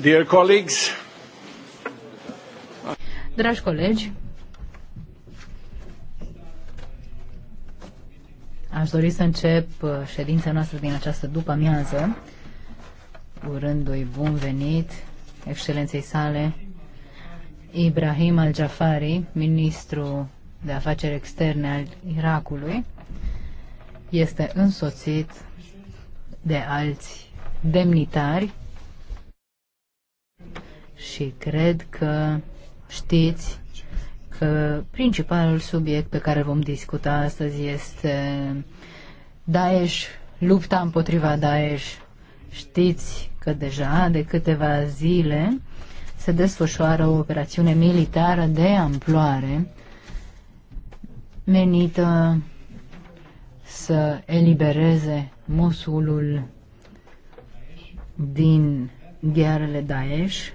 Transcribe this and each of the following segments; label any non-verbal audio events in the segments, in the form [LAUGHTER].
Dear colleagues, Dragi colegi, aș dori să încep uh, ședința noastră din această după-amiază, urându-i bun venit excelenței sale Ibrahim al-Jafari, ministru de afaceri externe al Irakului, este însoțit de alți demnitari și cred că știți că principalul subiect pe care vom discuta astăzi este Daesh, lupta împotriva Daesh. Știți că deja de câteva zile se desfășoară o operațiune militară de amploare menită să elibereze Mosulul din ghearele Daesh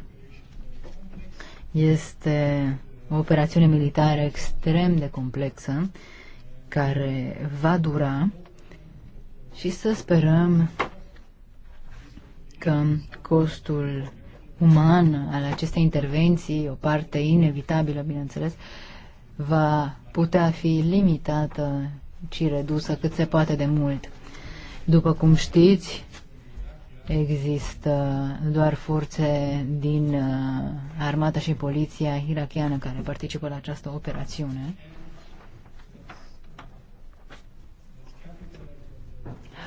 este o operațiune militară extrem de complexă care va dura și să sperăm că costul uman al acestei intervenții, o parte inevitabilă, bineînțeles, va putea fi limitată și redusă cât se poate de mult. După cum știți, există doar forțe din uh, armata și poliția irachiană care participă la această operațiune.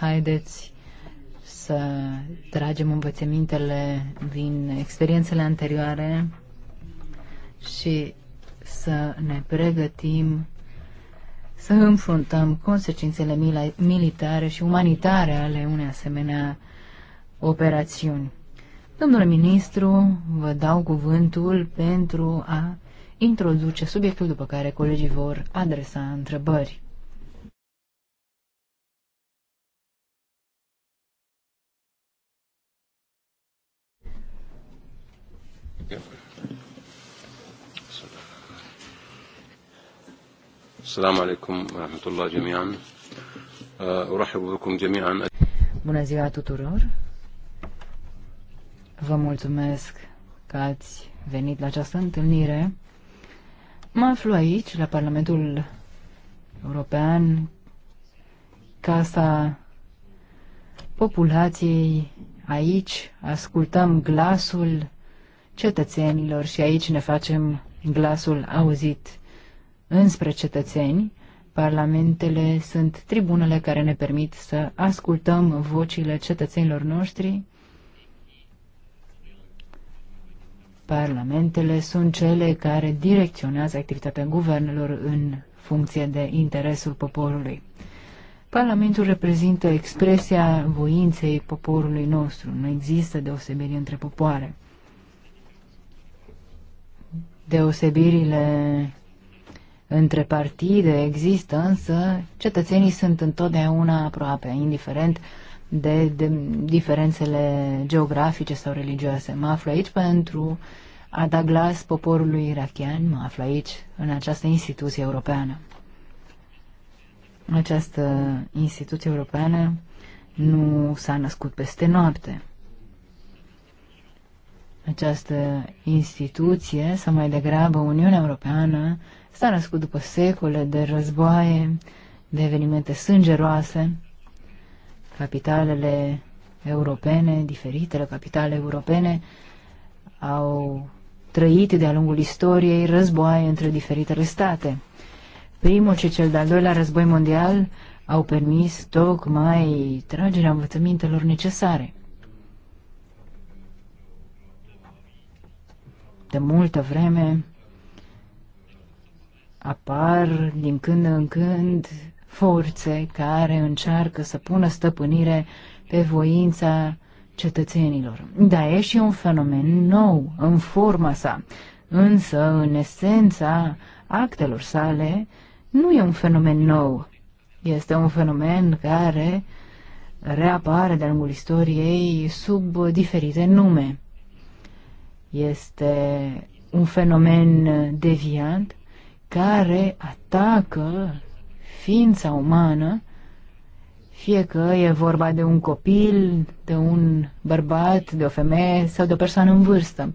Haideți să tragem învățămintele din experiențele anterioare și să ne pregătim să înfruntăm consecințele militare și umanitare ale unei asemenea operațiuni. Domnule ministru, vă dau cuvântul pentru a introduce subiectul după care colegii vor adresa întrebări. السلام عليكم ورحمة الله جميعا أرحب بكم جميعا Bună ziua tuturor! Vă mulțumesc că ați venit la această întâlnire. Mă aflu aici, la Parlamentul European, Casa Populației. Aici ascultăm glasul cetățenilor și aici ne facem glasul auzit înspre cetățeni. Parlamentele sunt tribunele care ne permit să ascultăm vocile cetățenilor noștri Parlamentele sunt cele care direcționează activitatea guvernelor în funcție de interesul poporului. Parlamentul reprezintă expresia voinței poporului nostru. Nu există deosebiri între popoare. Deosebirile între partide există, însă cetățenii sunt întotdeauna aproape, indiferent uh, de, de diferențele geografice sau religioase. Mă aflu aici pentru a da glas poporului irachian, mă aflu aici, în această instituție europeană. Această instituție europeană nu s-a născut peste noapte. Această instituție, sau mai degrabă Uniunea Europeană, s-a născut după secole de războaie, de evenimente sângeroase, Capitalele europene, diferitele capitale europene, au trăit de-a lungul istoriei războaie între diferitele state. Primul și cel de-al doilea război mondial au permis tocmai tragerea învățămintelor necesare. De multă vreme apar din când în când forțe care încearcă să pună stăpânire pe voința cetățenilor. Da, e un fenomen nou în forma sa, însă în esența actelor sale nu e un fenomen nou. Este un fenomen care reapare de-a lungul istoriei sub diferite nume. Este un fenomen deviant care atacă ființa umană, fie că e vorba de un copil, de un bărbat, de o femeie sau de o persoană în vârstă.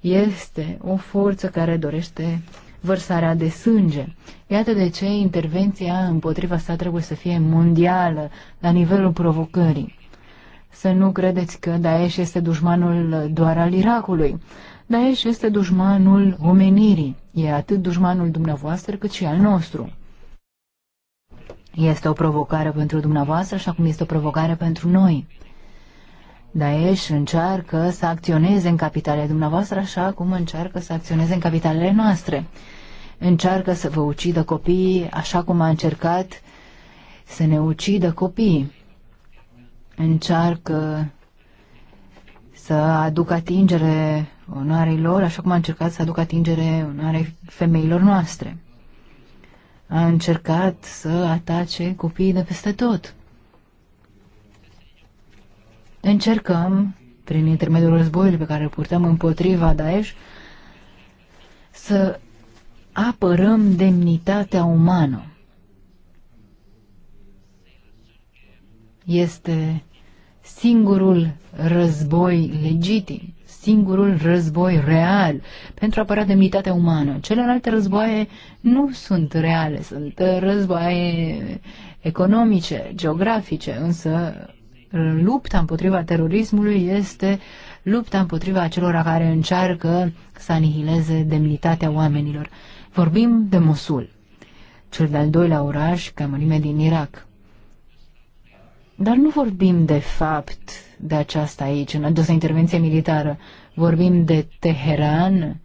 Este o forță care dorește vărsarea de sânge. Iată de ce intervenția împotriva sa trebuie să fie mondială, la nivelul provocării. Să nu credeți că Daesh este dușmanul doar al Irakului. Daesh este dușmanul omenirii. E atât dușmanul dumneavoastră cât și al nostru. Este o provocare pentru dumneavoastră, așa cum este o provocare pentru noi. Daesh încearcă să acționeze în capitalele dumneavoastră, așa cum încearcă să acționeze în capitalele noastre. Încearcă să vă ucidă copiii, așa cum a încercat să ne ucidă copiii. Încearcă să aducă atingere onoarei lor, așa cum a încercat să aducă atingere onoarei femeilor noastre a încercat să atace copiii de peste tot. Încercăm, prin intermediul războiului pe care îl purtăm împotriva Daesh, să apărăm demnitatea umană. Este singurul război legitim singurul război real pentru a apăra demnitatea umană. Celelalte războaie nu sunt reale, sunt războaie economice, geografice, însă lupta împotriva terorismului este lupta împotriva celor care încearcă să anihileze demnitatea oamenilor. Vorbim de Mosul, cel de-al doilea oraș ca mărime din Irak. Dar nu vorbim de fapt de aceasta aici, în această intervenție militară. Vorbim de Teheran,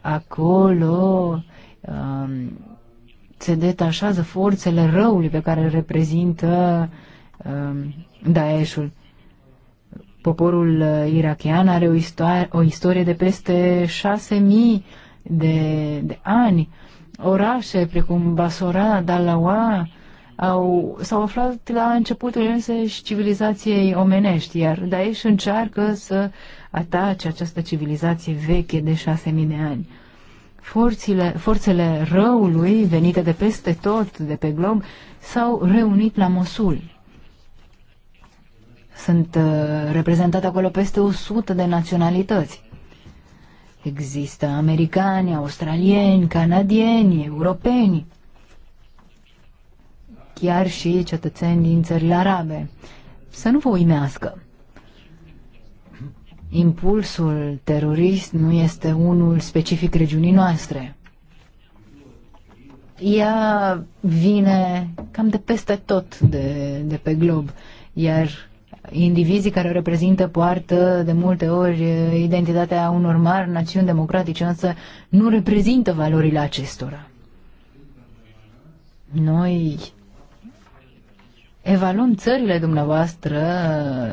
acolo um, se detașează forțele răului pe care îl reprezintă um, Daeshul. Poporul uh, irachian are o, istoar, o istorie de peste mii de, de ani. Orașe precum Basora, Dalawa, au, s-au aflat la începutul însăși civilizației omenești, iar Daesh încearcă să atace această civilizație veche de șase mii de ani. Forțile, forțele răului venite de peste tot, de pe glob, s-au reunit la Mosul. Sunt uh, reprezentate acolo peste 100 de naționalități. Există americani, australieni, canadieni, europeni, chiar și cetățeni din țările arabe. Să nu vă uimească. Impulsul terorist nu este unul specific regiunii noastre. Ea vine cam de peste tot de, de pe glob, iar indivizii care o reprezintă poartă de multe ori identitatea unor mari națiuni democratice, însă nu reprezintă valorile acestora. Noi evaluăm țările dumneavoastră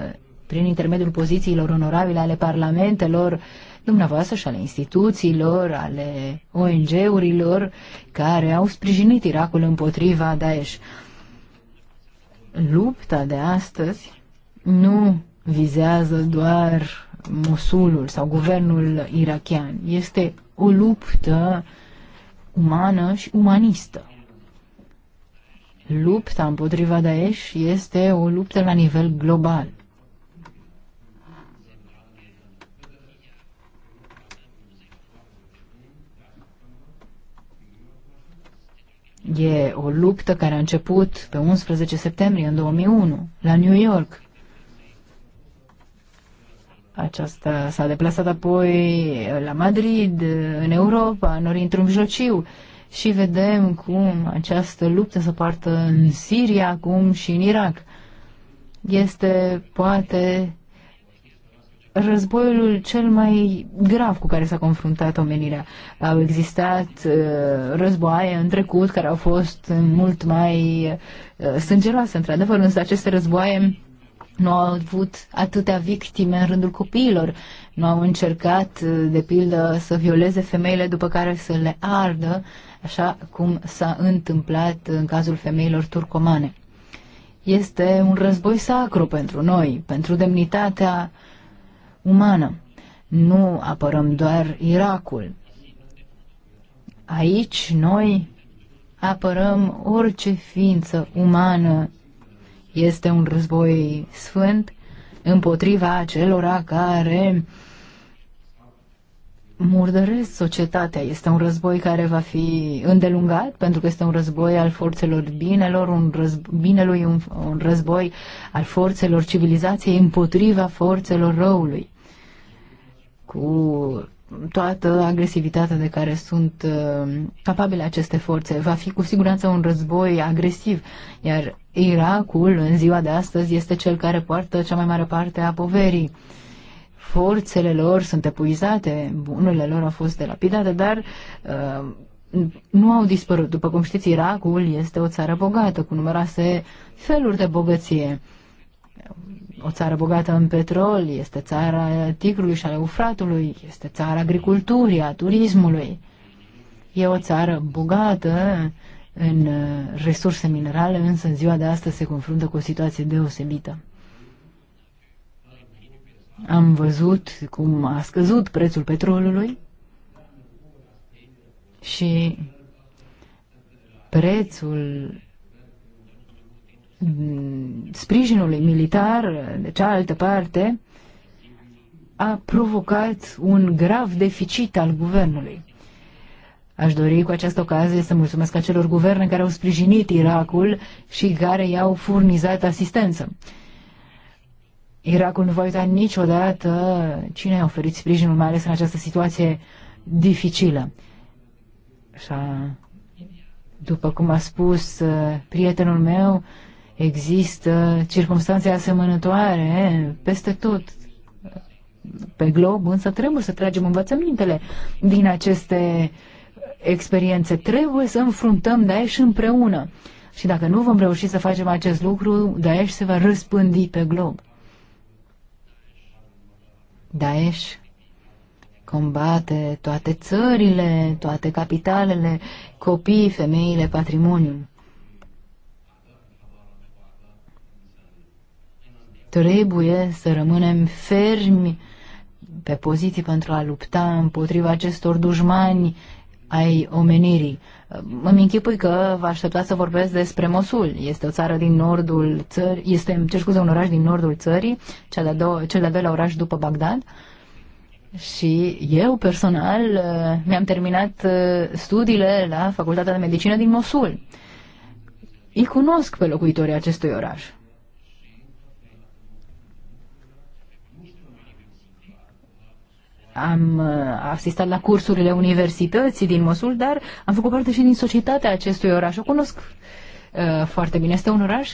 uh, prin intermediul pozițiilor onorabile ale parlamentelor dumneavoastră și ale instituțiilor, ale ONG-urilor care au sprijinit Irakul împotriva Daesh. Lupta de astăzi nu vizează doar Mosulul sau guvernul irachian. Este o luptă umană și umanistă lupta împotriva Daesh este o luptă la nivel global. E o luptă care a început pe 11 septembrie în 2001 la New York. Aceasta s-a deplasat apoi la Madrid, în Europa, în Orientul Mijlociu și vedem cum această luptă se poartă în Siria acum și în Irak. Este poate războiul cel mai grav cu care s-a confruntat omenirea. Au existat uh, războaie în trecut care au fost mult mai uh, sângeroase, într-adevăr, însă aceste războaie nu au avut atâtea victime în rândul copiilor, nu au încercat, uh, de pildă, să violeze femeile după care să le ardă, așa cum s-a întâmplat în cazul femeilor turcomane. Este un război sacru pentru noi, pentru demnitatea umană. Nu apărăm doar Irakul. Aici noi apărăm orice ființă umană. Este un război sfânt împotriva acelora care uh, murdăresc societatea. Este un război care va fi îndelungat pentru că este un război al forțelor binelor, un război, binelui, un, un război al forțelor civilizației împotriva forțelor răului. Cu toată agresivitatea de care sunt uh, capabile aceste forțe. Va fi cu siguranță un război agresiv, iar Irakul în ziua de astăzi este cel care poartă cea mai mare parte a poverii. Uh, forțele lor sunt epuizate, bunurile lor au fost delapidate, dar uh, nu au dispărut. După cum știți, Irakul este o țară bogată, cu numeroase feluri de bogăție. O țară bogată în petrol, este țara Tigrului și ale Ufratului, este țara agriculturii, a turismului. E o țară bogată în resurse minerale, însă în ziua de astăzi se confruntă cu o situație deosebită. Am văzut cum a scăzut prețul petrolului și prețul sprijinului militar, de cealaltă parte, a provocat un grav deficit al guvernului. Aș dori cu această ocazie să mulțumesc acelor guverne care au sprijinit Irakul și care i-au furnizat asistență. Irakul nu va uita niciodată cine a oferit sprijinul, mai ales în această situație dificilă. Așa, după cum a spus uh, prietenul meu, există circunstanțe asemănătoare peste tot pe glob, însă trebuie să tragem învățămintele din aceste experiențe. Trebuie să înfruntăm Daesh împreună. Și dacă nu vom reuși să facem acest lucru, Daesh se va răspândi pe glob. Daesh combate toate țările, toate capitalele, copiii, femeile, patrimoniul. Trebuie să rămânem fermi pe poziții pentru a lupta împotriva acestor dușmani ai omenirii. Îmi închipui că vă așteptați să vorbesc despre Mosul. Este o țară din nordul țării, este, ce scuze, un oraș din nordul țării, cel de-al, cel de doilea oraș după Bagdad. Și eu personal uh, mi-am terminat uh, studiile la Facultatea de Medicină din Mosul. Îi cunosc pe locuitorii acestui oraș. am uh, asistat la cursurile universității din Mosul, dar am făcut parte și din societatea acestui oraș. O cunosc uh, foarte bine. Este un oraș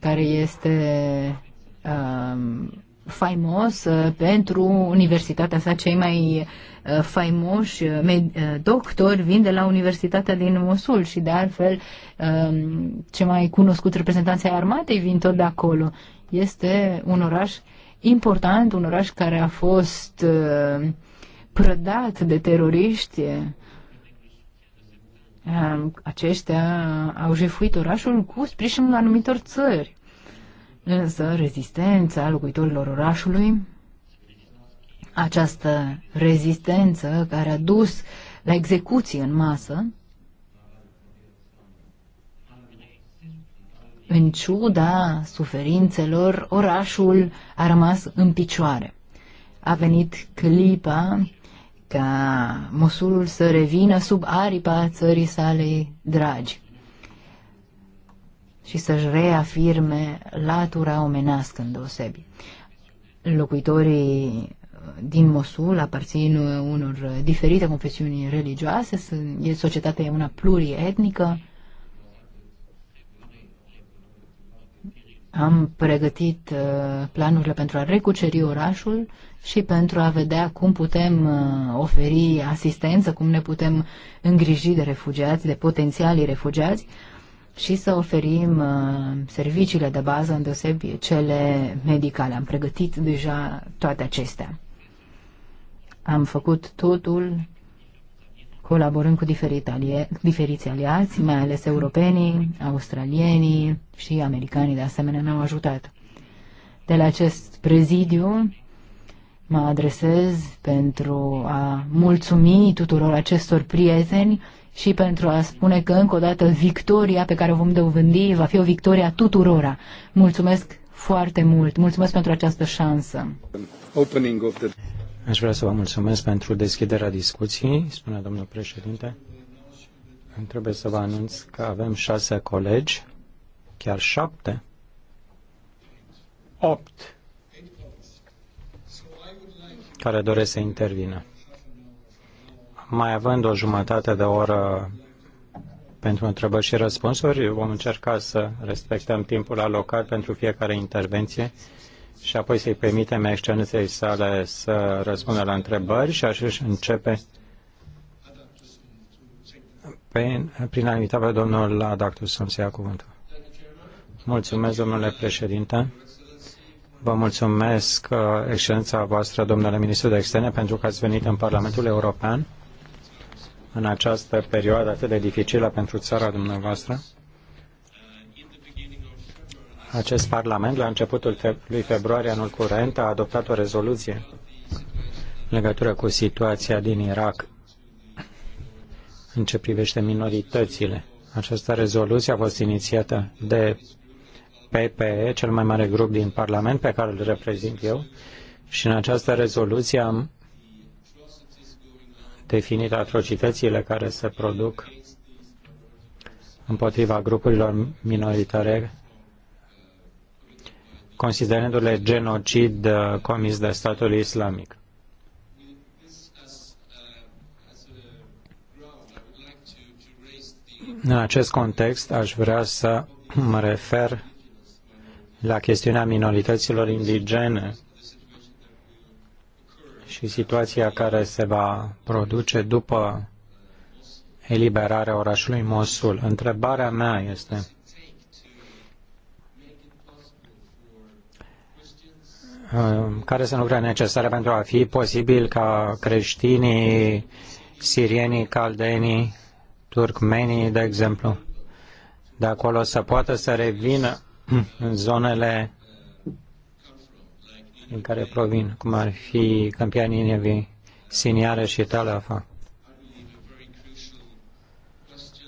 care este uh, faimos uh, pentru universitatea sa. Cei mai uh, faimoși uh, uh, doctori vin de la Universitatea din Mosul și, de altfel, uh, um, cei mai cunoscut reprezentanți ai armatei vin tot de acolo. Este un oraș uh, important, un oraș care a fost uh, prădat de teroriști. Uh, aceștia au jefuit orașul cu sprijinul anumitor țări. Însă rezistența locuitorilor orașului, această rezistență care a dus la execuții în masă, în ciuda suferințelor, orașul a rămas în picioare. A venit clipa ca Mosulul să revină sub aripa țării sale dragi și să-și reafirme latura omenească în deosebi. Locuitorii din Mosul aparțin unor diferite confesiuni religioase, e societatea e una plurietnică, Am pregătit uh, planurile pentru a recuceri orașul și pentru a vedea cum putem uh, oferi asistență, cum ne putem îngriji de refugiați, de potențialii refugiați și să oferim uh, serviciile de bază, îndeosebi cele medicale. Am pregătit deja toate acestea. Am făcut totul colaborând cu diferite alie, diferiți aliați, mai ales europenii, australienii și americanii de asemenea ne-au ajutat. De la acest prezidiu mă adresez pentru a mulțumi tuturor acestor prieteni și pentru a spune că încă o dată victoria pe care o vom dovândi va fi o victoria a tuturora. Mulțumesc foarte mult. Mulțumesc pentru această șansă. Aș vrea să vă mulțumesc pentru deschiderea discuției, spune domnul președinte. Îmi trebuie să vă anunț că avem șase colegi, chiar șapte, opt, care doresc să intervină. Mai având o jumătate de oră pentru întrebări și răspunsuri, vom încerca să respectăm timpul alocat pentru fiecare intervenție și apoi să-i permitem excelenței sale să răspundă la întrebări și așa începe prin, prin a invita pe domnul Adactus să-mi se ia cuvântul. Mulțumesc, domnule președinte. Vă mulțumesc, uh, excelența voastră, domnule ministru de externe, pentru că ați venit în Parlamentul European în această perioadă atât de dificilă pentru țara dumneavoastră. Acest Parlament, la începutul fe lui februarie anul curent, a adoptat o rezoluție în legătură cu situația din Irak în ce privește minoritățile. Această rezoluție a fost inițiată de PPE, cel mai mare grup din Parlament pe care îl reprezint eu, și în această rezoluție am definit atrocitățile care se produc împotriva grupurilor minoritare considerându-le genocid uh, comis de statul islamic. În acest context aș vrea să mă refer la chestiunea minorităților indigene și situația care se va produce după eliberarea orașului Mosul. Întrebarea mea este Um, care sunt lucrurile necesare pentru a fi posibil ca creștinii, sirienii, caldenii, turcmenii, de exemplu, de acolo să poată să revină [CLEARS THROAT] în zonele din care provin, cum ar fi Câmpia Ninevi, Siniară și Talafa.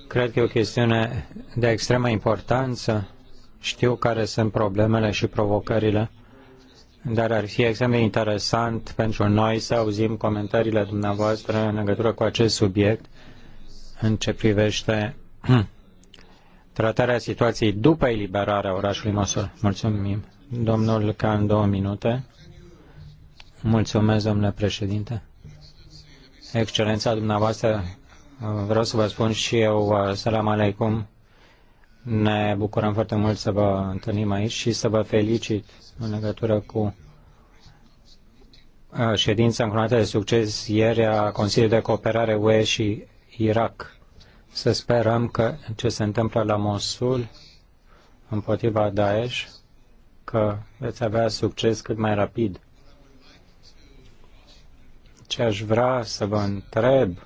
Cred că e o chestiune de extremă importanță. Știu care sunt problemele și provocările dar ar fi extrem de interesant pentru noi să auzim comentariile dumneavoastră în legătură cu acest subiect în ce privește [CLEARS THROAT] tratarea situației după eliberarea orașului Mosul. Mulțumim. Domnul Can, două minute. Mulțumesc, domnule președinte. Excelența dumneavoastră, vreau să vă spun și eu, uh, salam aleikum, ne bucurăm foarte mult să vă întâlnim aici și să vă felicit în legătură cu uh, ședința încronată de succes ieri a Consiliului de Cooperare UE și Irak. Să sperăm că ce se întâmplă la Mosul împotriva Daesh, că veți avea succes cât mai rapid. Ce aș vrea să vă întreb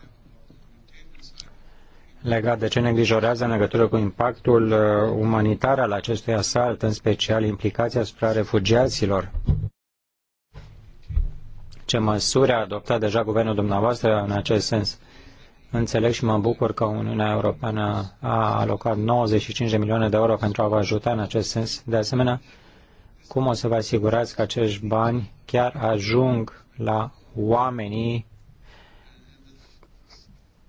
legat de ce ne îngrijorează în legătură cu impactul uh, umanitar al acestui asalt, în special implicația asupra refugiaților. Ce măsuri a adoptat deja guvernul dumneavoastră în acest sens? Înțeleg și mă bucur că Uniunea Europeană a alocat 95 de milioane de euro pentru a vă ajuta în acest sens. De asemenea, cum o să vă asigurați că acești bani chiar ajung la oamenii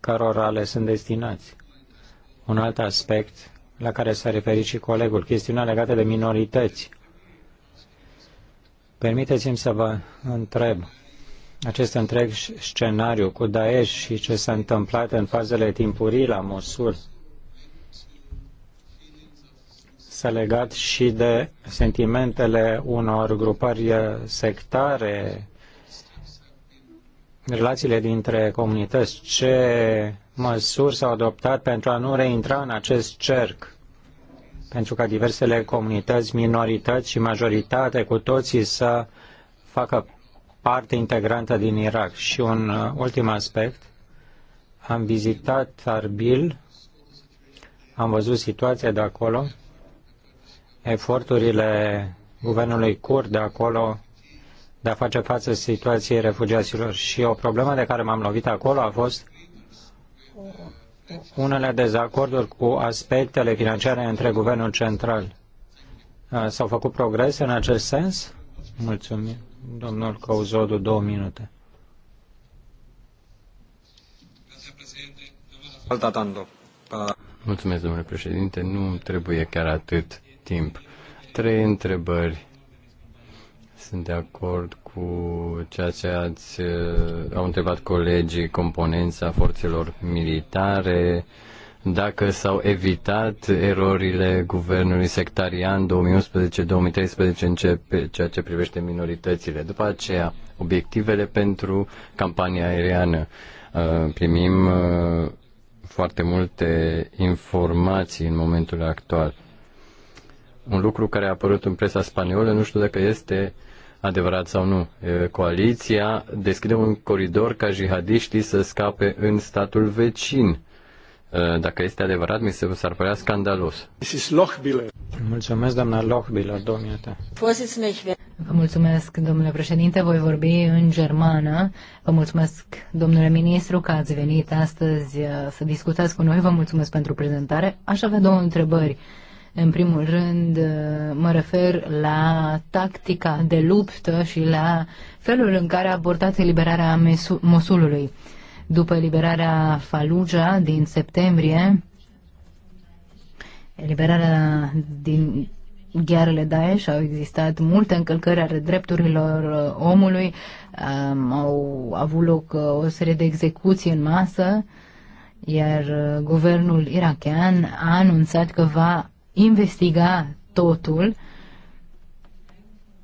cărora le sunt destinați. Un alt aspect la care s-a referit și colegul, chestiunea legată de minorități. Permiteți-mi să vă întreb acest întreg scenariu cu Daesh și ce s-a întâmplat în fazele timpurii la Mosul s-a legat și de sentimentele unor grupări sectare relațiile dintre comunități, ce măsuri s-au adoptat pentru a nu reintra în acest cerc, pentru ca diversele comunități, minorități și majoritate cu toții să facă parte integrantă din Irak. Și un uh, ultim aspect, am vizitat Arbil, am văzut situația de acolo, eforturile guvernului curd de acolo de a face față situației refugiaților. Și o problemă de care m-am lovit acolo a fost unele dezacorduri cu aspectele financiare între guvernul central. S-au făcut progrese în acest sens? Mulțumim. Domnul Cauzodu, două minute. Mulțumesc, domnule președinte. Nu trebuie chiar atât timp. Trei întrebări sunt de acord cu ceea ce ați, uh, au întrebat colegii, componența forțelor militare, dacă s-au evitat erorile guvernului sectarian 2011-2013 în ceea ce privește minoritățile. După aceea, obiectivele pentru campania aeriană. Uh, primim uh, foarte multe informații în momentul actual. Un lucru care a apărut în presa spaniolă, nu știu dacă este uh, adevărat sau nu. Coaliția deschide un coridor ca jihadiștii să scape în statul vecin. Dacă este adevărat, mi se s-ar părea scandalos. Mulțumesc, doamna Lochbiller, domnule. Vă mulțumesc, domnule președinte, voi vorbi în germană. Vă mulțumesc, domnule ministru, că ați venit astăzi uh, să discutați cu noi. Vă mulțumesc pentru prezentare. Aș avea două întrebări. În primul rând, mă refer la tactica de luptă și la felul în care a abordat eliberarea Mosulului. După eliberarea Faluja din septembrie, eliberarea din ghearele Daesh au existat multe încălcări ale drepturilor uh, omului, au avut loc uh, o serie de execuții în masă, iar uh, guvernul irachean a anunțat că va investiga totul.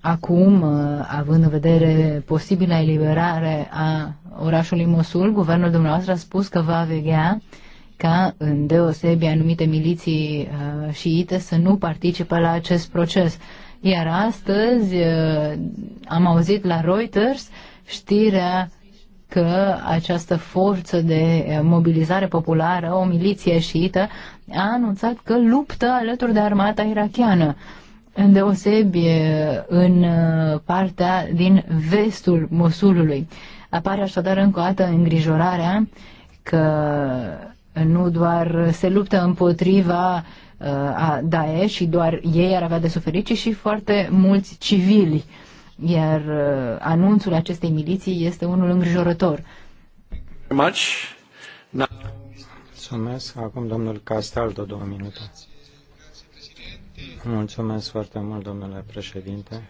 Acum, uh, având în vedere posibila eliberare a orașului Mosul, guvernul dumneavoastră a spus că va veghea ca în deosebi anumite miliții uh, șiite să nu participe la acest proces. Iar astăzi uh, am auzit la Reuters știrea că această forță de eh, mobilizare populară, o miliție șiită, a anunțat că luptă alături de armata irachiană. deosebie în eh, partea din vestul Mosulului. Apare așadar încă o dată îngrijorarea că nu doar se luptă împotriva eh, a Daesh și doar ei ar avea de suferit, ci și foarte mulți civili. Uh, iar uh, anunțul acestei miliții este unul îngrijorător. Mulțumesc. Acum domnul Castaldo, două minute. Mulțumesc foarte mult, domnule președinte.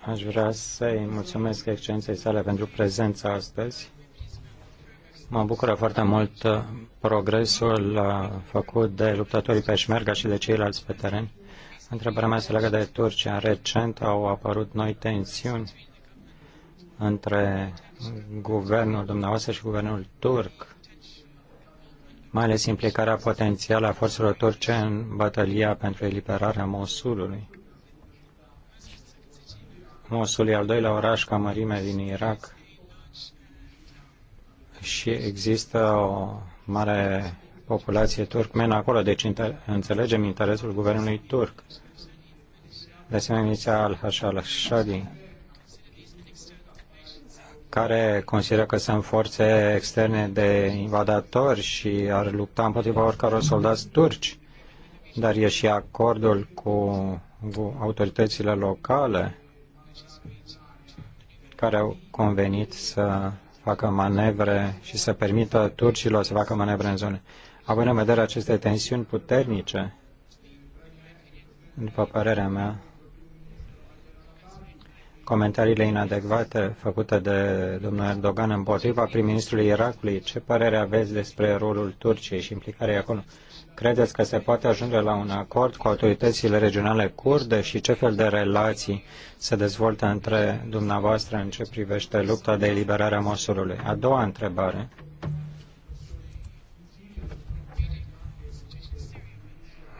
Aș vrea să-i mulțumesc excelenței sale pentru prezența astăzi. Mă bucură foarte mult uh, progresul uh, făcut de luptătorii pe șmerga și de ceilalți pe teren Întrebarea mea se legă de Turcia. Recent au apărut noi tensiuni între guvernul dumneavoastră și guvernul turc, mai ales implicarea potențială a forțelor turce în bătălia pentru eliberarea Mosulului. Mosul e al doilea oraș ca mărime din Irak și există o mare populație turcmenă acolo, deci inter- înțelegem interesul guvernului turc. De asemenea, ministra al-Hashal Shadi, care consideră că sunt forțe externe de invadatori și ar lupta împotriva oricăror soldați turci, dar e și acordul cu autoritățile locale care au convenit să facă manevre și să permită turcilor să facă manevre în zone. Având în vedere aceste tensiuni puternice, după părerea mea, comentariile inadecvate făcute de domnul Erdogan împotriva prim-ministrului Irakului, ce părere aveți despre rolul Turciei și implicarea acolo? Credeți că se poate ajunge la un acord cu autoritățile regionale kurde și ce fel de relații se dezvoltă între dumneavoastră în ce privește lupta de eliberare a Mosulului? A doua întrebare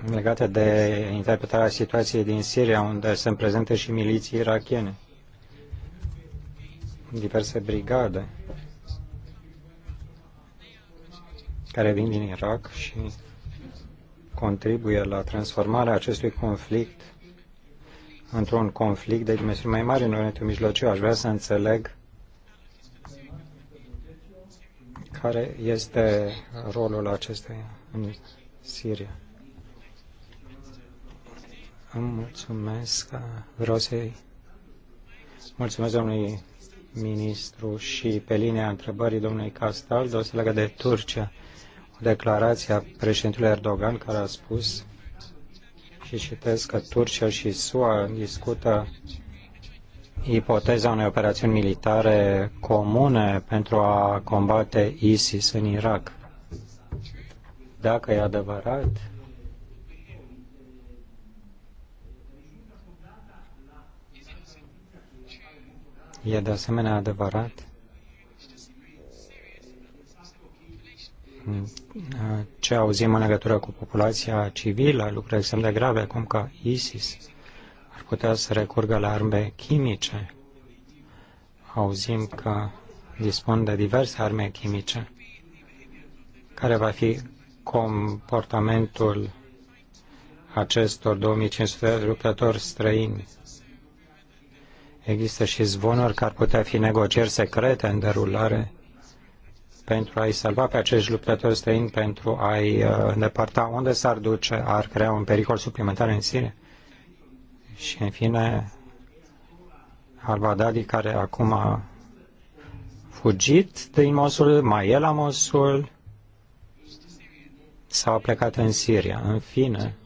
legate de interpretarea situației din Siria, unde sunt prezente și miliții irachiene, diverse brigade care vin din Irak și contribuie la transformarea acestui conflict într-un conflict de dimensiuni mai mari în Orientul Mijlociu. Aș vrea să înțeleg care este rolul acestei în Siria mulțumesc. Vreau să mulțumesc domnului ministru și pe linia întrebării domnului Castaldo să legă de Turcia. O declarație a președintelui Erdogan care a spus și citesc că Turcia și SUA discută ipoteza unei operațiuni militare comune pentru a combate ISIS în Irak. Dacă e adevărat, E de asemenea adevărat ce auzim în legătură cu populația civilă, lucruri extrem de grave, cum că ISIS ar putea să recurgă la arme chimice. Auzim că dispun de diverse arme chimice. Care va fi comportamentul acestor 2500 de luptători străini Există și zvonuri că ar putea fi negocieri secrete în derulare pentru a-i salva pe acești luptători străini, pentru a-i uh, îndepărta unde s-ar duce, ar crea un pericol suplimentar în sine. Și, în fine, al-Baghdadi, care acum a fugit din Mosul, mai e la Mosul, sau a plecat în Siria. În fine,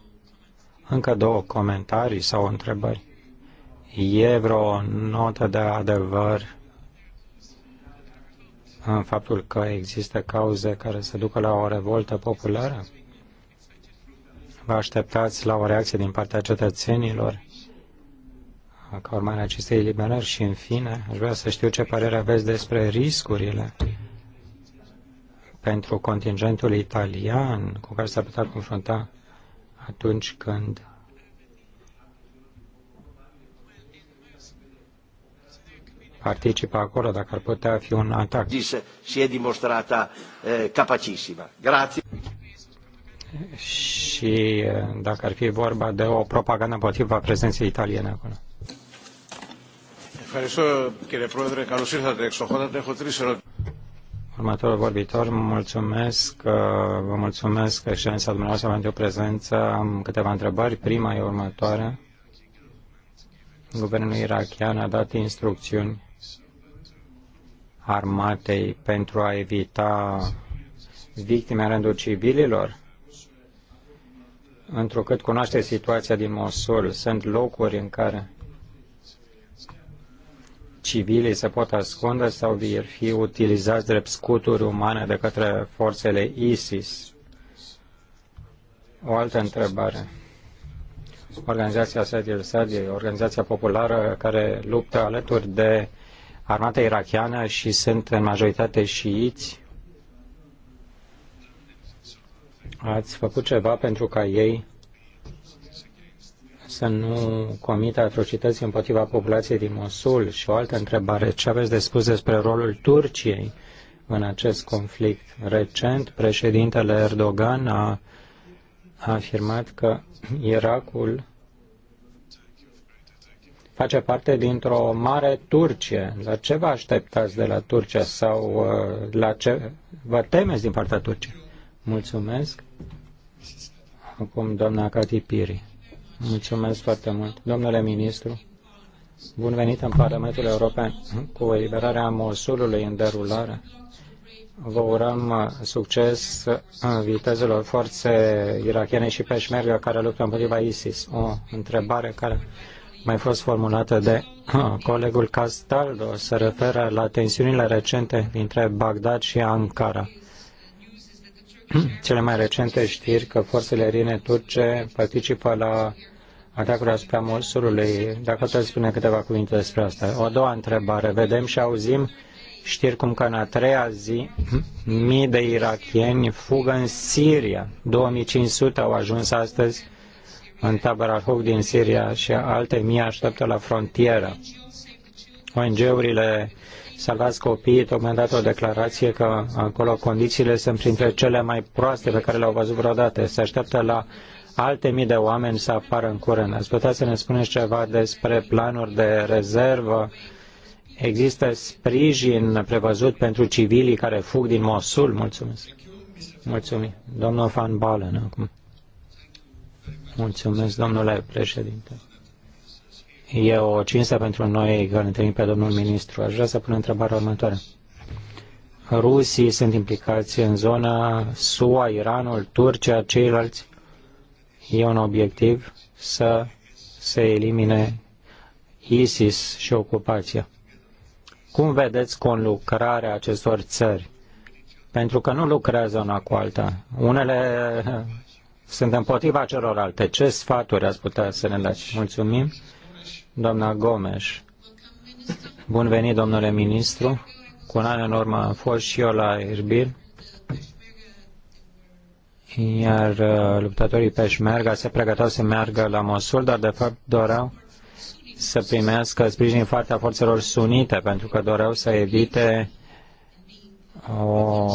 încă două comentarii sau întrebări e vreo notă de adevăr în faptul că există cauze care se ducă la o revoltă populară? Vă așteptați la o reacție din partea cetățenilor ca urmare a acestei eliberări și, în fine, aș vrea să știu ce părere aveți despre riscurile pentru contingentul italian cu care s-ar putea confrunta atunci când participa acolo, dacă ar putea fi un atac. Si e dimostrata eh, capacissima. Grazie. Și eh, dacă ar fi vorba de o propagandă împotriva prezenței italiene acolo. Următorul vorbitor, mulțumesc, vă mulțumesc, că excelența dumneavoastră, pentru prezență. Am câteva întrebări. Prima e următoarea. Guvernul irachian a dat instrucțiuni armatei pentru a evita victime în rândul civililor? Întrucât cunoaște situația din Mosul, sunt locuri în care civilii se pot ascunde sau vor fi utilizați drept scuturi umane de către forțele ISIS? O altă întrebare. Organizația Sadil Sadi, organizația populară care luptă alături de armata irachiană și sunt în majoritate șiiți. Ați făcut ceva pentru ca ei să nu comită atrocități împotriva populației din Mosul? Și o altă întrebare, ce aveți de spus despre rolul Turciei în acest conflict? Recent, președintele Erdogan a afirmat că Irakul face parte dintr-o mare Turcie. La ce vă așteptați de la Turcia sau uh, la ce vă temeți din partea Turciei? Mulțumesc. Acum doamna Cati Piri. Mulțumesc foarte mult. Domnule ministru, bun venit în Parlamentul European cu eliberarea Mosulului în derulare. Vă urăm uh, succes uh, în vitezelor forțe irachiene și peșmergă care luptă împotriva ISIS. O întrebare care mai fost formulată de [CLEARS THROAT] colegul Castaldo se referă la tensiunile recente dintre Bagdad și Ankara. [CLEARS THROAT] Cele mai recente știri că forțele aeriene turce participă la atacuri asupra Mosulului. Dacă puteți spune câteva cuvinte despre asta. O a doua întrebare. Vedem și auzim știri cum că în a treia zi [CLEARS THROAT] mii de irachieni fugă în Siria. 2500 au ajuns astăzi în tabăra Hoc din Siria și alte mii așteptă la frontieră. ONG-urile Salvați Copiii tocmai dat o declarație că acolo condițiile sunt printre cele mai proaste pe care le-au văzut vreodată. Se așteaptă la alte mii de oameni să apară în curând. Ați putea să ne spuneți ceva despre planuri de rezervă? Există sprijin prevăzut pentru civilii care fug din Mosul? Mulțumesc. Mulțumim. Domnul Van Balen acum. Mulțumesc, domnule președinte. E o cinste pentru noi că ne întâlnim pe domnul ministru. Aș vrea să pun întrebarea următoare. Rusii sunt implicați în zona, SUA, Iranul, Turcia, ceilalți. E un obiectiv să se elimine ISIS și ocupația. Cum vedeți conlucrarea acestor țări? Pentru că nu lucrează una cu alta. Unele sunt împotriva celorlalte. Ce sfaturi ați putea să ne dați? Mulțumim. Doamna Gomes. Bun venit, domnule ministru. Cu un an în urmă am fost și eu la Erbil, iar uh, luptătorii peșmerga se pregăteau să meargă la Mosul, dar de fapt doreau să primească sprijin din partea forțelor sunite, pentru că doreau să evite o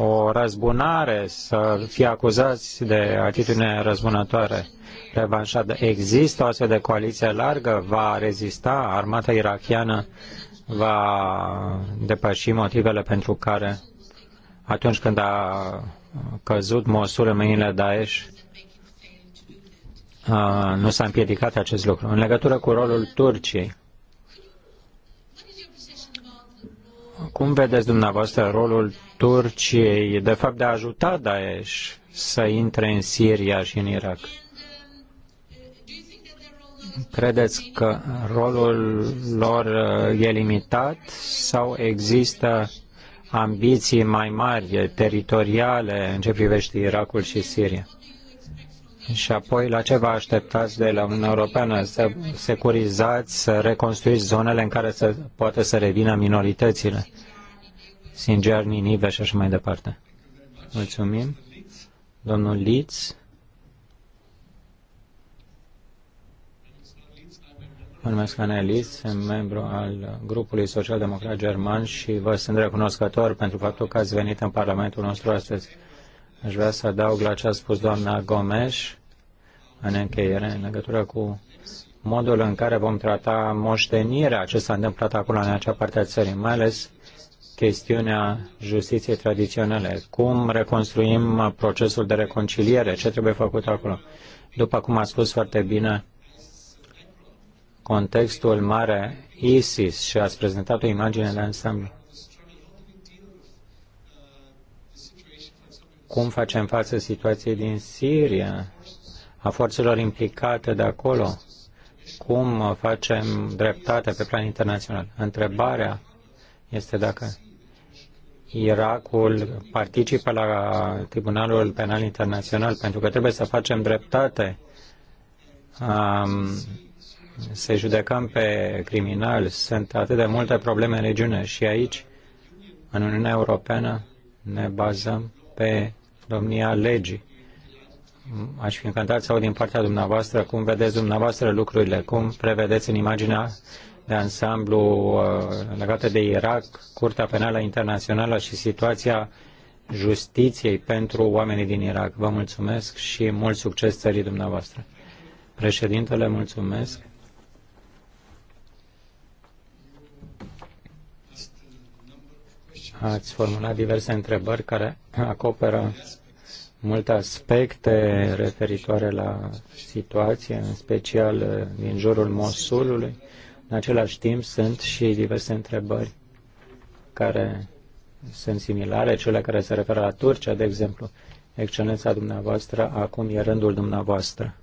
o răzbunare, să fie acuzați de atitudine răzbunătoare, revanșată. Există o astfel de coaliție largă? Va rezista? Armata irachiană va depăși motivele pentru care atunci când a căzut Mosul în mâinile Daesh, nu s-a împiedicat acest lucru. În legătură cu rolul Turciei, cum vedeți dumneavoastră rolul Turciei, de fapt de a ajuta Daesh să intre în Siria și în Irak. Credeți că rolul lor uh, e limitat sau există ambiții mai mari, teritoriale, în ce privește Irakul și Siria? Și apoi, la ce vă așteptați de la Uniunea Europeană? Să securizați, să reconstruiți zonele în care să poate să revină minoritățile? Sinjar, Ninive și așa mai departe. Mulțumim. Domnul Litz. Mă numesc Litz. sunt membru al grupului social-democrat german și vă sunt recunoscător pentru faptul că ați venit în Parlamentul nostru astăzi. Aș vrea să adaug la ce a spus doamna Gomes în încheiere, în legătură cu modul în care vom trata moștenirea ce s-a întâmplat acum în acea parte a țării, mai ales chestiunea justiției tradiționale. Cum reconstruim procesul de reconciliere? Ce trebuie făcut acolo? După cum a spus foarte bine, contextul mare ISIS și ați prezentat o imagine de ansamblu. Cum facem față situației din Siria, a forțelor implicate de acolo? Cum facem dreptate pe plan internațional? Întrebarea este dacă Irakul participă la Tribunalul Penal Internațional pentru că trebuie să facem dreptate, um, să judecăm pe criminali. Sunt atât de multe probleme în regiune și aici, în Uniunea Europeană, ne bazăm pe domnia legii. Aș fi încântat să aud din partea dumneavoastră cum vedeți dumneavoastră lucrurile, cum prevedeți în imaginea de ansamblu uh, legate de Irak, Curtea Penală Internațională și situația justiției pentru oamenii din Irak. Vă mulțumesc și mult succes țării dumneavoastră. Președintele, mulțumesc. Ați formulat diverse întrebări care acoperă multe aspecte referitoare la situație, în special din jurul Mosulului în același timp sunt și diverse întrebări care sunt similare, cele care se referă la Turcia, de exemplu. Excelența dumneavoastră, acum e rândul dumneavoastră.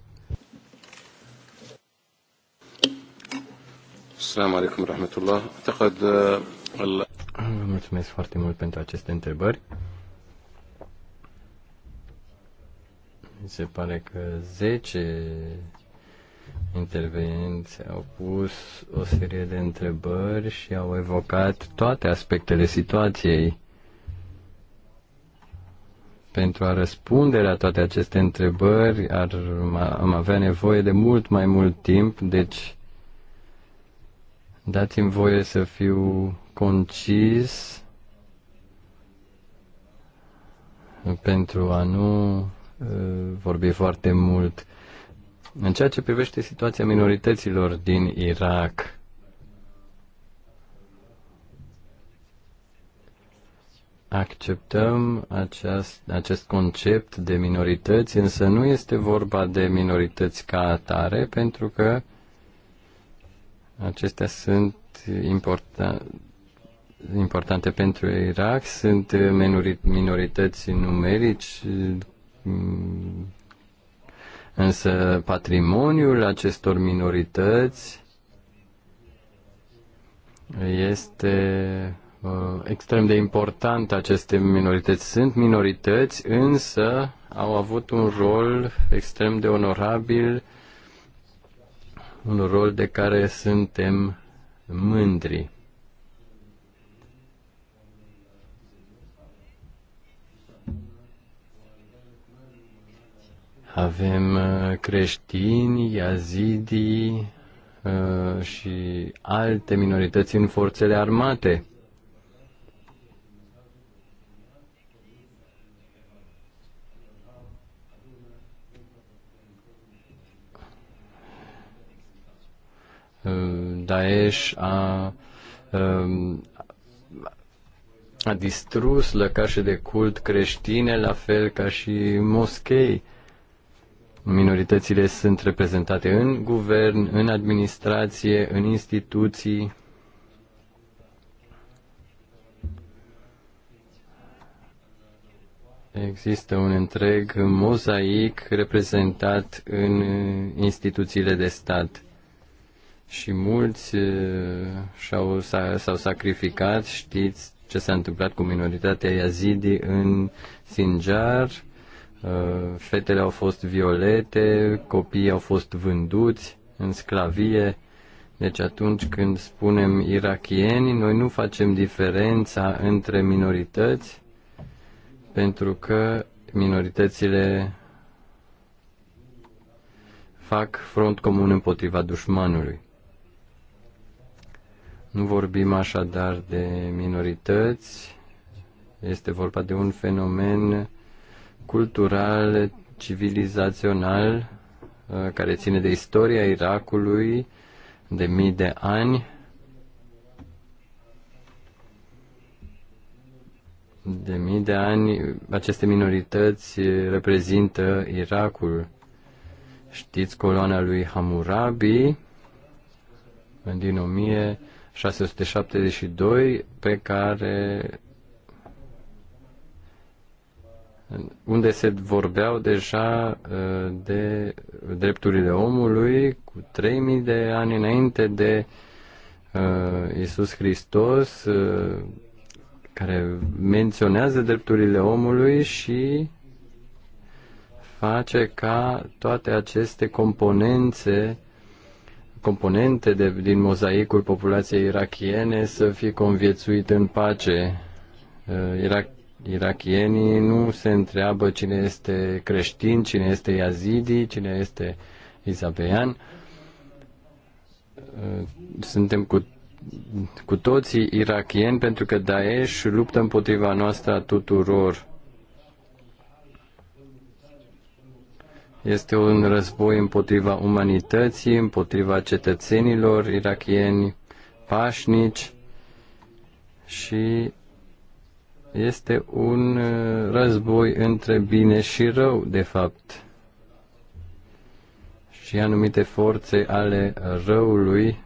Assalamu alaikum rahmatullah. Uh, Vă mulțumesc foarte mult pentru aceste întrebări. Mi se pare că 10 intervenienți au pus o serie de întrebări și au evocat toate aspectele situației. Pentru a răspunde la toate aceste întrebări ar, am avea nevoie de mult mai mult timp, deci dați-mi voie să fiu concis pentru a nu uh, vorbi foarte mult. În ceea ce privește situația minorităților din Irak, acceptăm aceast, acest concept de minorități, însă nu este vorba de minorități ca atare, pentru că acestea sunt importan- importante pentru Irak, sunt minorități numerici Însă patrimoniul acestor minorități este uh, extrem de important. Aceste minorități sunt minorități, însă au avut un rol extrem de onorabil, un rol de care suntem mândri. Avem uh, creștini, yazidii uh, și alte minorități în forțele armate. Uh, Daesh a, um, a distrus lăcașe de cult creștine, la fel ca și moschei. Minoritățile sunt reprezentate în guvern, în administrație, în instituții. Există un întreg mozaic reprezentat în uh, instituțiile de stat și mulți s-au, uh, s-au sacrificat. Știți ce s-a întâmplat cu minoritatea Yazidi în Sinjar Uh, fetele au fost violete, copiii au fost vânduți în sclavie. Deci atunci când spunem irachieni, noi nu facem diferența între minorități, pentru că minoritățile fac front comun împotriva dușmanului. Nu vorbim așadar de minorități, este vorba de un fenomen cultural, civilizațional, uh, care ține de istoria Irakului de mii de ani, de mii de ani aceste minorități uh, reprezintă Irakul. Știți coloana lui Hammurabi din 1672 pe care unde se vorbeau deja uh, de drepturile omului cu 3000 de ani înainte de uh, Isus Hristos, uh, care menționează drepturile omului și face ca toate aceste componențe componente de, din mozaicul populației irachiene să fie conviețuit în pace. Irak, irachienii nu se întreabă cine este creștin, cine este yazidi, cine este izabean. Uh, suntem cu, cu toții irachieni pentru că Daesh luptă împotriva noastră a tuturor. Este un război împotriva umanității, împotriva cetățenilor irachieni pașnici și este un uh, război între bine și rău, de fapt. Și anumite forțe ale răului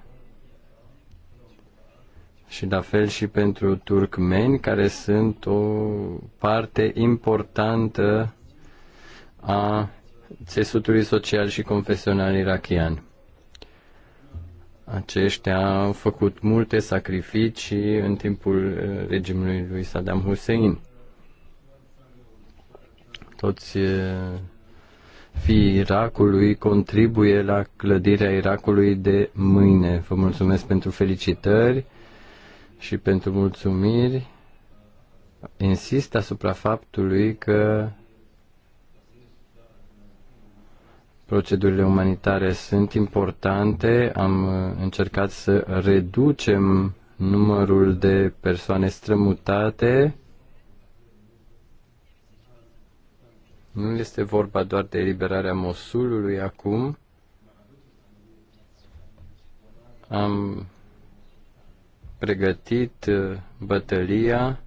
și la fel și pentru turcmeni, care sunt o parte importantă a țesutului social și confesional irachian. Aceștia au făcut multe sacrificii în timpul uh, regimului lui Saddam Hussein. Toți uh, fii Irakului contribuie la clădirea Irakului de mâine. Vă mulțumesc pentru felicitări și pentru mulțumiri. Insist asupra faptului că Procedurile umanitare sunt importante. Am uh, încercat să reducem numărul de persoane strămutate. Nu este vorba doar de eliberarea Mosulului acum. Am pregătit uh, bătălia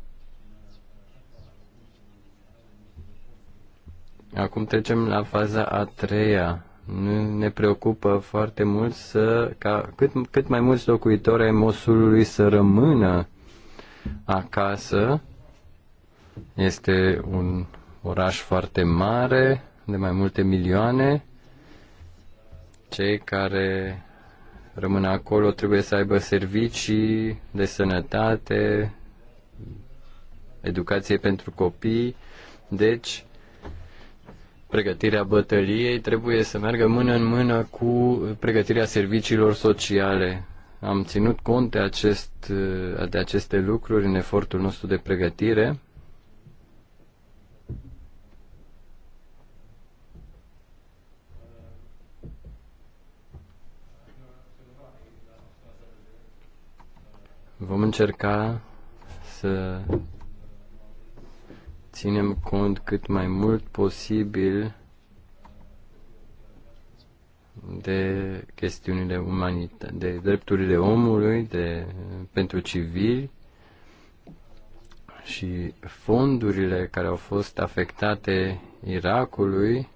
Acum trecem la faza a treia. Nu Ne preocupă foarte mult să, ca cât, cât mai mulți locuitori ai Mosulului să rămână acasă. Este un oraș foarte mare, de mai multe milioane. Cei care rămân acolo trebuie să aibă servicii de sănătate, educație pentru copii. Deci, pregătirea bătăliei trebuie să meargă mână în mână cu pregătirea serviciilor sociale. Am ținut cont de, acest, de aceste lucruri în efortul nostru de pregătire. Vom încerca să ținem cont cât mai mult posibil de chestiunile umanite, de drepturile omului, de, pentru civili și fondurile care au fost afectate Irakului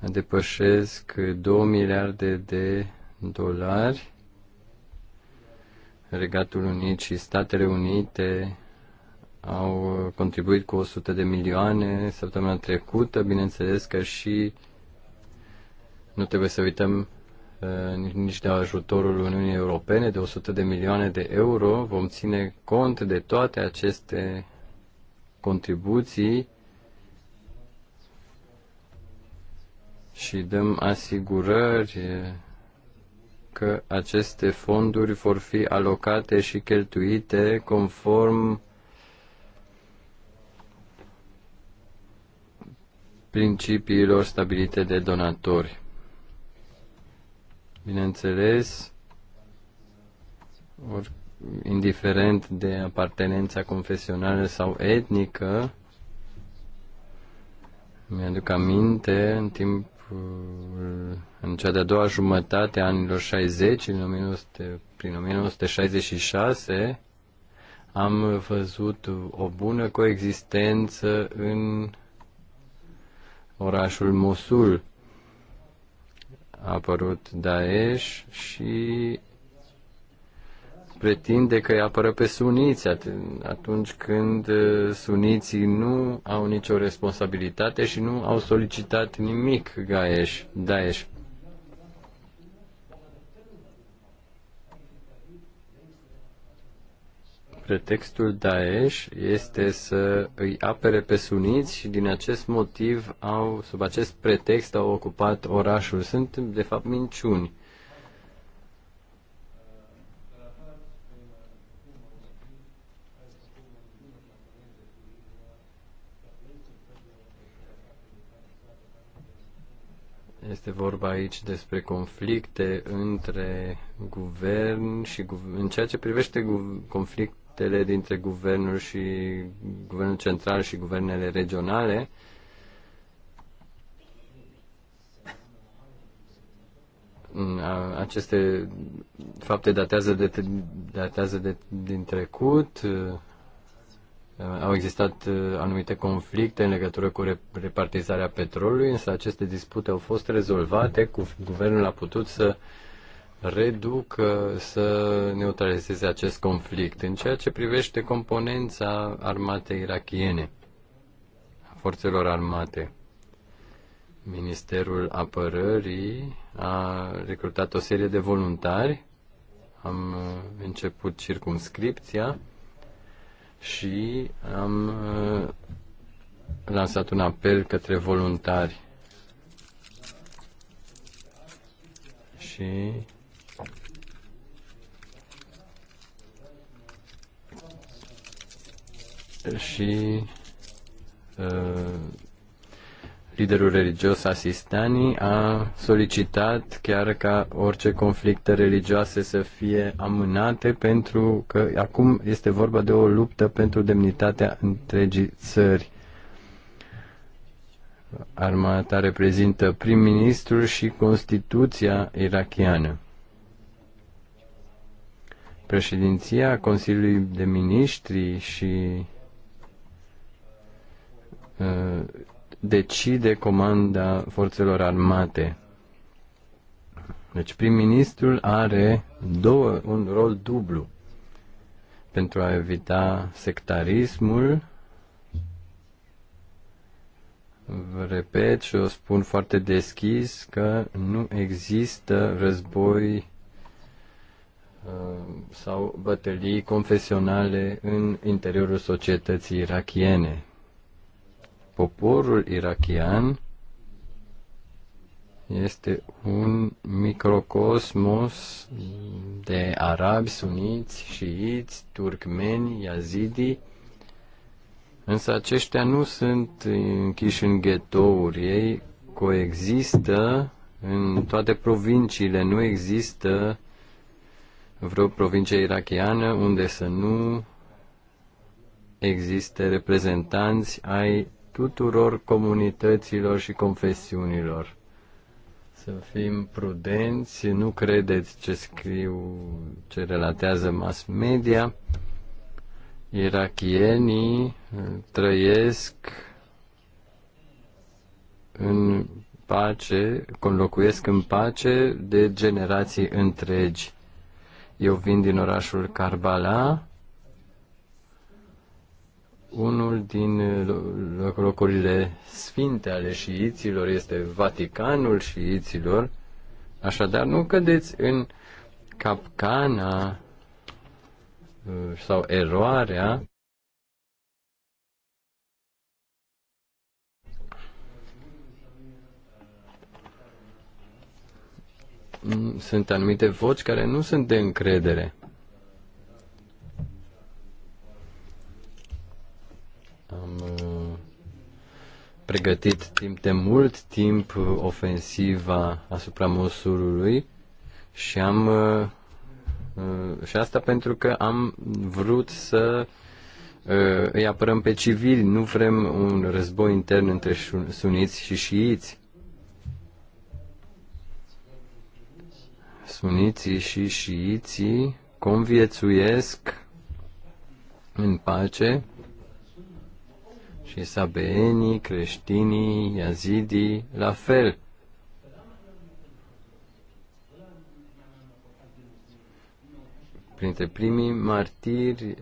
depășesc 2 miliarde de dolari. Regatul Unit și Statele Unite au uh, contribuit cu 100 de milioane săptămâna trecută, bineînțeles că și nu trebuie să uităm uh, nici de ajutorul Uniunii Europene de 100 de milioane de euro. Vom ține cont de toate aceste contribuții și dăm asigurări uh, că aceste fonduri vor fi alocate și cheltuite conform principiilor stabilite de donatori. Bineînțeles, or, indiferent de apartenența confesională sau etnică, mi-aduc aminte în timp în cea de-a doua jumătate a anilor 60, în 1900, prin 1966, am văzut o bună coexistență în orașul Mosul. A apărut Daesh și pretinde că îi apără pe suniți atunci când uh, suniții nu au nicio responsabilitate și nu au solicitat nimic Daesh. Daesh. pretextul Daesh este să îi apere pe suniți și din acest motiv au, sub acest pretext au ocupat orașul. Sunt de fapt minciuni. Este vorba aici despre conflicte între guvern și în ceea ce privește conflict, rapoartele dintre guvernul și guvernul central și guvernele regionale. Mm, aceste fapte datează, de, datează de, din trecut. Uh, au existat uh, anumite conflicte în legătură cu repartizarea petrolului, însă aceste dispute au fost rezolvate. cu Guvernul a putut să uh, reduc uh, să neutralizeze acest conflict în ceea ce privește componența armatei irachiene, forțelor armate. Ministerul Apărării a recrutat o serie de voluntari, am uh, început circumscripția și am uh, lansat un apel către voluntari. Și și uh, liderul religios Asistani a solicitat chiar ca orice conflicte religioase să fie amânate pentru că acum este vorba de o luptă pentru demnitatea întregii țări. Armata reprezintă prim-ministrul și Constituția irachiană. Președinția Consiliului de Ministri și Uh, decide comanda forțelor armate. Deci prim-ministrul are două, un rol dublu pentru a evita sectarismul. Vă repet și o spun foarte deschis că nu există război uh, sau bătălii confesionale în interiorul societății irachiene. Poporul irachian este un microcosmos de arabi suniți, șiiți, turcmeni, yazidi, însă aceștia nu sunt închiși în ghetouri, ei coexistă în toate provinciile, nu există vreo provincie irachiană unde să nu existe reprezentanți ai tuturor comunităților și confesiunilor. Să fim prudenți, nu credeți ce scriu, ce relatează mass media. Irachienii uh, trăiesc în pace, conlocuiesc în pace de generații întregi. Eu vin din orașul Karbala, unul din locurile sfinte ale șiiților este Vaticanul șiiților, așadar nu cădeți în capcana uh, sau eroarea mm, sunt anumite voci care nu sunt de încredere. Am uh, pregătit timp de mult timp uh, ofensiva asupra Mosulului și am uh, și asta pentru că am vrut să îi apărăm pe civili, nu vrem un război intern între suniți și șiiți. Suniții și șiiții conviețuiesc în pace și sabeenii, creștinii, yazidii, la fel. Printre primii martiri,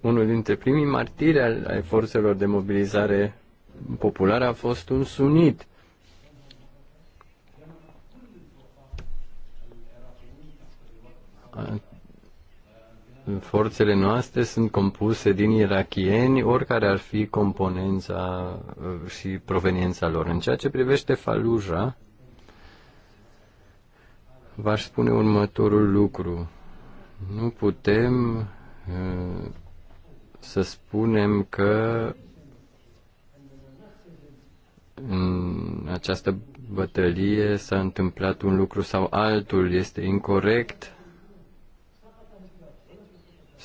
unul dintre primii martiri al, ai forțelor de mobilizare populară a fost un sunit forțele noastre sunt compuse din irachieni, oricare ar fi componența uh, și proveniența lor. În ceea ce privește Faluja, v-aș spune următorul lucru. Nu putem uh, să spunem că în această bătălie s-a întâmplat un lucru sau altul. Este incorrect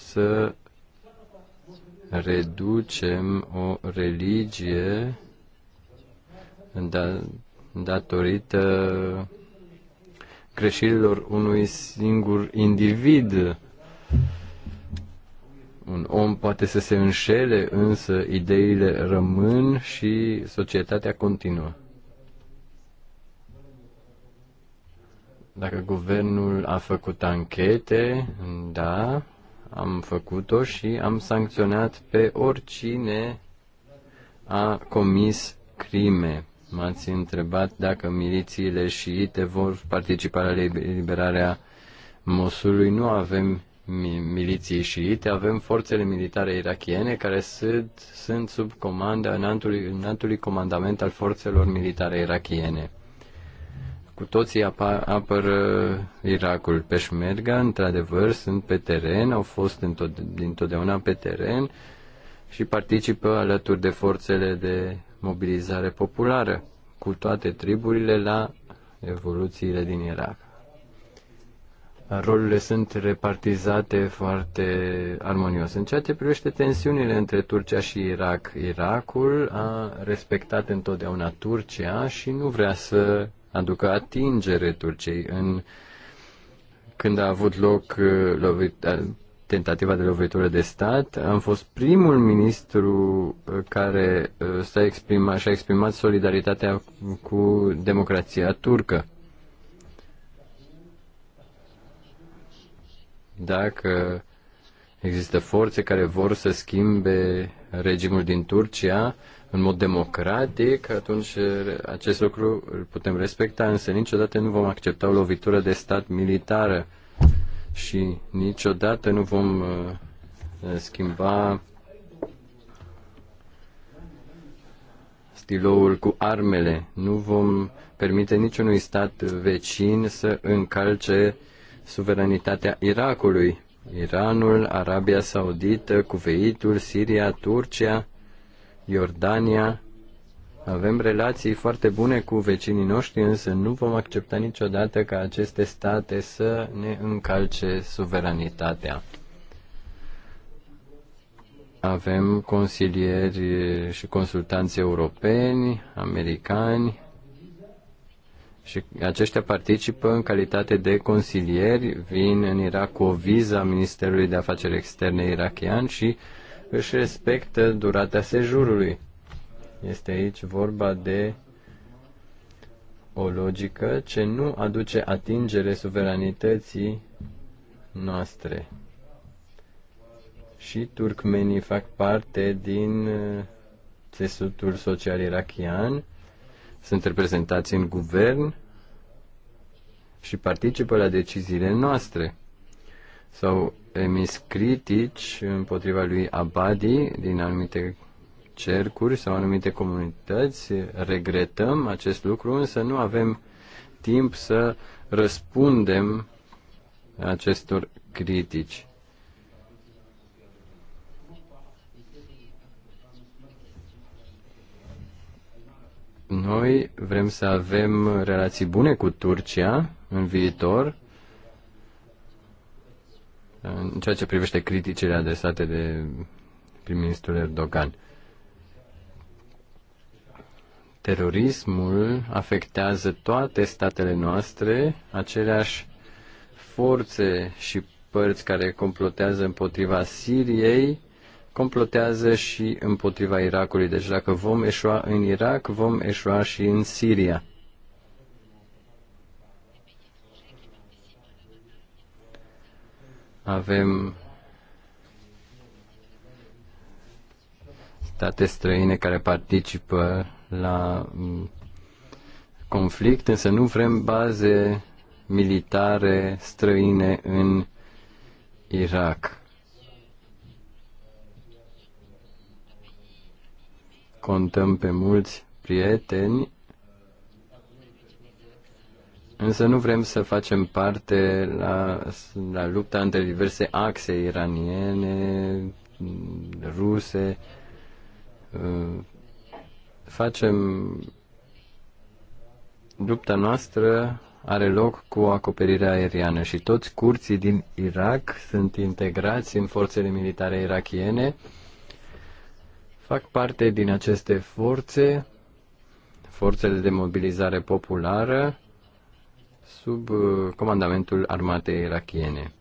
să reducem o religie datorită greșelilor unui singur individ. Un om poate să se înșele, însă ideile rămân și societatea continuă. Dacă guvernul a făcut anchete, da, am făcut-o și am sancționat pe oricine a comis crime. M-ați întrebat dacă milițiile șiite vor participa la eliberarea Mosulului. Nu avem miliții șiite, avem forțele militare irachiene care sunt, sunt sub comanda înaltului, înaltului comandament al forțelor militare irachiene. Cu toții apar, apără Irakul. Peșmerga, într-adevăr, sunt pe teren, au fost dintotdeauna pe teren și participă alături de forțele de mobilizare populară cu toate triburile la evoluțiile din Irak. Rolurile sunt repartizate foarte armonios. În ceea ce privește tensiunile între Turcia și Irak, Irakul a respectat întotdeauna Turcia și nu vrea să aducă atingere Turciei în când a avut loc uh, lovit, tentativa de lovitură de stat. Am fost primul ministru uh, care uh, s-a exprimat, și-a exprimat solidaritatea cu democrația turcă. Dacă există forțe care vor să schimbe regimul din Turcia, în mod democratic, atunci acest lucru îl putem respecta, însă niciodată nu vom accepta o lovitură de stat militară și niciodată nu vom schimba stiloul cu armele. Nu vom permite niciunui stat vecin să încalce suveranitatea Irakului. Iranul, Arabia Saudită, Cuveitul, Siria, Turcia Iordania. Avem relații foarte bune cu vecinii noștri, însă nu vom accepta niciodată ca aceste state să ne încalce suveranitatea. Avem consilieri și consultanți europeni, americani, și aceștia participă în calitate de consilieri, vin în Irak cu o viză a Ministerului de Afaceri Externe irachian și își respectă durata sejurului. Este aici vorba de o logică ce nu aduce atingere suveranității noastre. Și turcmenii fac parte din uh, țesutul social irachian, sunt reprezentați în guvern și participă la deciziile noastre. Sau emis critici împotriva lui Abadi din anumite cercuri sau anumite comunități. Regretăm acest lucru, însă nu avem timp să răspundem acestor critici. Noi vrem să avem relații bune cu Turcia în viitor în ceea ce privește criticile adresate de prim-ministrul Erdogan. Terorismul afectează toate statele noastre, aceleași forțe și părți care complotează împotriva Siriei, complotează și împotriva Irakului. Deci dacă vom eșua în Irak, vom eșua și în Siria. avem state străine care participă la mm, conflict, însă nu vrem baze militare străine în Irak. Contăm pe mulți prieteni Însă nu vrem să facem parte la, la lupta între diverse axe iraniene, ruse. Uh, facem lupta noastră are loc cu acoperirea aeriană și toți curții din Irak sunt integrați în forțele militare irakiene, fac parte din aceste forțe, forțele de mobilizare populară, sub uh, comandamentul armatei irakiene.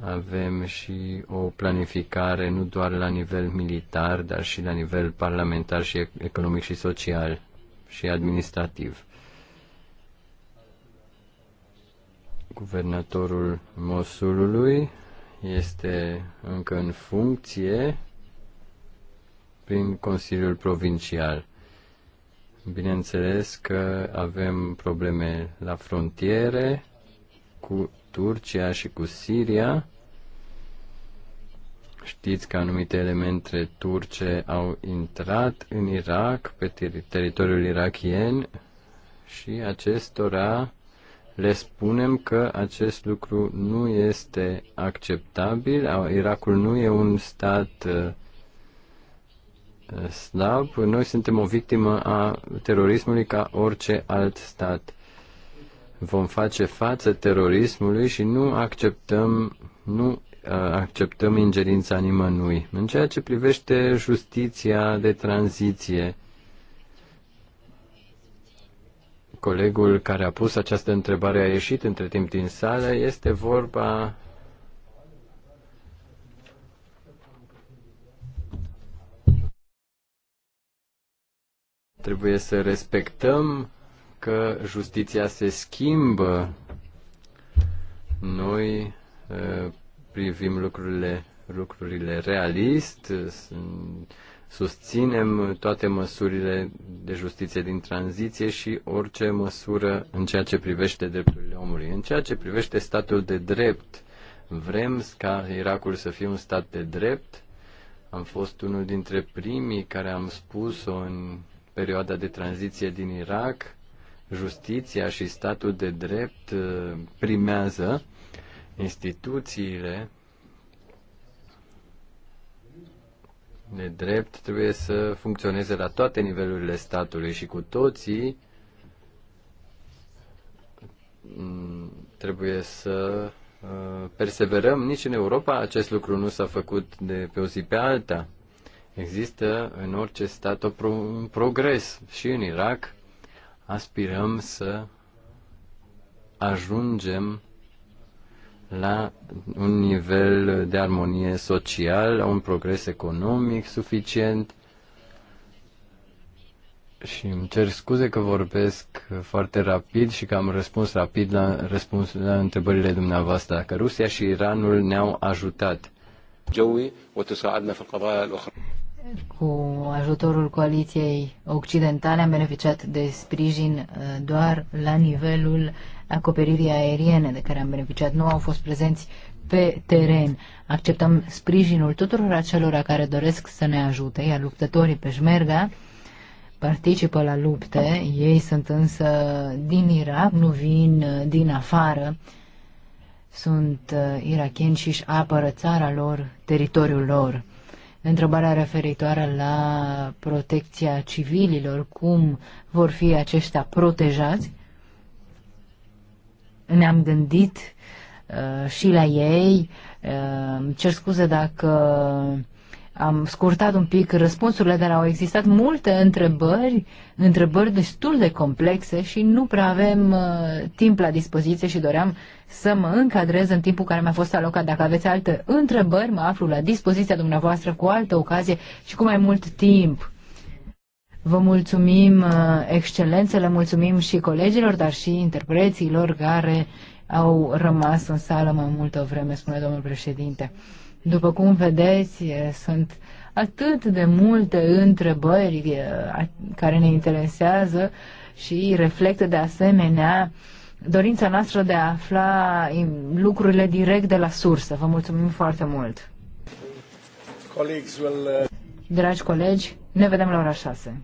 Avem și o planificare nu doar la nivel militar, dar și la nivel parlamentar și economic și social și administrativ. Guvernatorul Mosulului este încă în funcție prin Consiliul Provincial. Bineînțeles că avem probleme la frontiere cu Turcia și cu Siria. Știți că anumite elemente turce au intrat în Irak, pe ter- teritoriul irakien, și acestora le spunem că acest lucru nu este acceptabil. Irakul nu e un stat uh, slab, noi suntem o victimă a terorismului ca orice alt stat. Vom face față terorismului și nu acceptăm, nu uh, acceptăm ingerința nimănui. În ceea ce privește justiția de tranziție, colegul care a pus această întrebare a ieșit între timp din sală, este vorba Trebuie să respectăm că justiția se schimbă. Noi uh, privim lucrurile, lucrurile realist, susținem toate măsurile de justiție din tranziție și orice măsură în ceea ce privește drepturile omului. În ceea ce privește statul de drept, vrem ca Irakul să fie un stat de drept. Am fost unul dintre primii care am spus-o în perioada de tranziție din Irak, justiția și statul de drept uh, primează instituțiile de drept trebuie să funcționeze la toate nivelurile statului și cu toții mm, trebuie să uh, perseverăm. Nici în Europa acest lucru nu s-a făcut de pe o zi pe alta. Există în orice stat un progres și în Irak aspirăm să ajungem la un nivel de armonie social, un progres economic suficient. Și îmi cer scuze că vorbesc foarte rapid și că am răspuns rapid la, răspuns la întrebările dumneavoastră, că Rusia și Iranul ne-au ajutat. جوي وتساعدنا في القضايا الأخرى cu ajutorul coaliției occidentale am beneficiat de sprijin uh, doar la nivelul acoperirii aeriene de care am beneficiat. Nu au fost prezenți pe teren. Acceptăm sprijinul tuturor acelora care doresc să ne ajute, iar luptătorii pe șmerga participă la lupte, ei sunt însă din Irak, nu vin uh, din afară, sunt uh, irakieni și își apără țara lor, teritoriul lor întrebarea referitoare la protecția civililor, cum vor fi aceștia protejați. Ne-am gândit uh, și la ei. Uh, cer scuze dacă am scurtat un pic răspunsurile, dar au existat multe întrebări, întrebări destul de complexe și nu prea avem uh, timp la dispoziție și doream să mă încadrez în timpul care mi-a fost alocat. Dacă aveți alte întrebări, mă aflu la dispoziția dumneavoastră cu altă ocazie și cu mai mult timp. Vă mulțumim, uh, excelențele, mulțumim și colegilor, dar și interpreților care au rămas în sală mai multă vreme, spune domnul președinte. După cum vedeți, sunt atât de multe întrebări care ne interesează și reflectă de asemenea dorința noastră de a afla lucrurile direct de la sursă. Vă mulțumim foarte mult! Uh, Dragi colegi, ne vedem la ora 6.